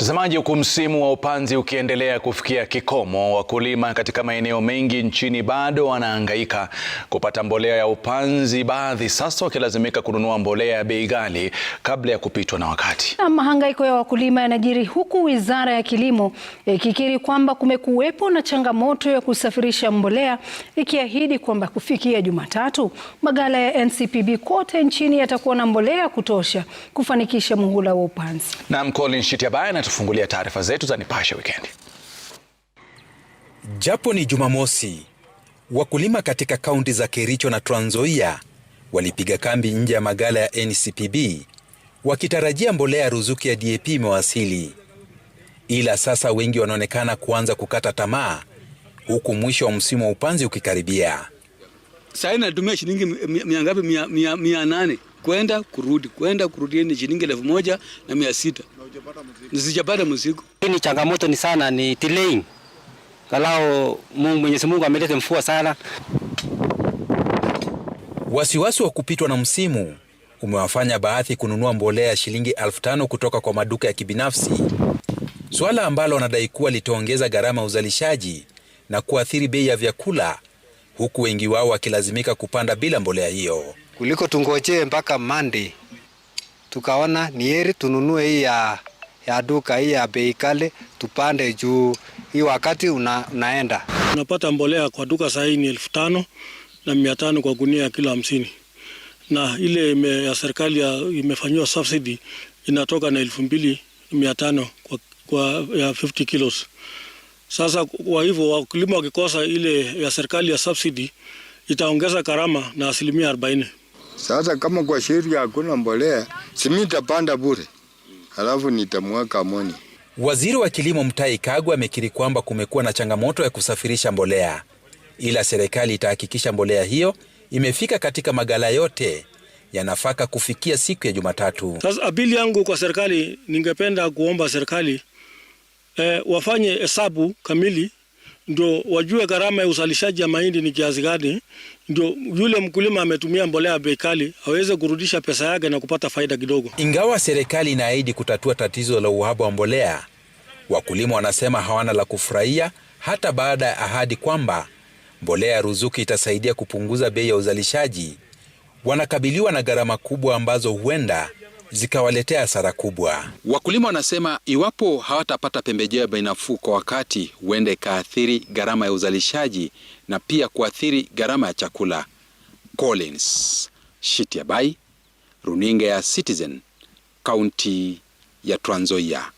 Mtazamaji, huku msimu wa upanzi ukiendelea kufikia kikomo, wakulima katika maeneo mengi nchini bado wanahangaika kupata mbolea ya upanzi, baadhi sasa wakilazimika kununua mbolea ya bei ghali kabla ya kupitwa na wakati. Na mahangaiko ya wakulima yanajiri huku Wizara ya Kilimo ikikiri kwamba kumekuwepo na changamoto ya kusafirisha mbolea, ikiahidi kwamba kufikia Jumatatu magala ya NCPB kote nchini yatakuwa na mbolea ya kutosha kufanikisha muhula wa upanzi. Naam, Colin Shitiabaya kutufungulia taarifa zetu za Nipashe Wikendi. Japo ni Jumamosi, wakulima katika kaunti za Kericho na Trans Nzoia walipiga kambi nje ya magala ya NCPB wakitarajia mbolea ya ruzuku ya DAP imewasili, ila sasa wengi wanaonekana kuanza kukata tamaa, huku mwisho wa msimu wa upanzi ukikaribia. Sasa inatumia shilingi mia mia nane kwenda kurudi, kwenda kurudi ni shilingi elfu moja na mia sita nisijapata mzigo. Ni changamoto ni sana, ni delaying kalao. Mwenyezi Mungu amelete mvua sana. Wasiwasi wa kupitwa na msimu umewafanya baadhi kununua mbolea ya shilingi elfu tano kutoka kwa maduka ya kibinafsi, suala ambalo wanadai kuwa litaongeza gharama ya uzalishaji na kuathiri bei ya vyakula, huku wengi wao wakilazimika kupanda bila mbolea hiyo kuliko tungojee mpaka Monday. Tukaona ni heri tununue hii ya, ya duka hii ya bei kali tupande juu hii wakati una, unaenda. Unapata mbolea kwa duka sahii ni elfu tano na mia tano kwa gunia ya kilo hamsini na ile ime, ya serikali imefanyiwa subsidy inatoka na elfu mbili mia tano kwa, kwa ya 50 kilos. Sasa kwa hivyo wakulima wakikosa ile ya serikali ya subsidy itaongeza gharama na asilimia 40. Sasa kama kwa sheria hakuna mbolea, itapanda bure, halafu nitamweka moni. Waziri wa Kilimo mtai Kagwe amekiri kwamba kumekuwa na changamoto ya kusafirisha mbolea, ila serikali itahakikisha mbolea hiyo imefika katika magala yote ya nafaka kufikia siku ya Jumatatu. Sasa abili yangu kwa serikali, ningependa kuomba serikali eh, wafanye hesabu kamili ndio wajue gharama ya uzalishaji ya mahindi ni kiasi gani, ndio yule mkulima ametumia mbolea bei kali aweze kurudisha pesa yake na kupata faida kidogo. Ingawa serikali inaahidi kutatua tatizo la uhaba wa mbolea, wakulima wanasema hawana la kufurahia hata baada ya ahadi kwamba mbolea ya ruzuku itasaidia kupunguza bei ya uzalishaji. Wanakabiliwa na gharama kubwa ambazo huenda zikawaletea hasara kubwa. Wakulima wanasema iwapo hawatapata pembejeo ya bei nafuu kwa wakati, huenda ikaathiri gharama ya uzalishaji na pia kuathiri gharama ya chakula. Collins Shitiabai, runinga ya Citizen, kaunti ya Trans Nzoia.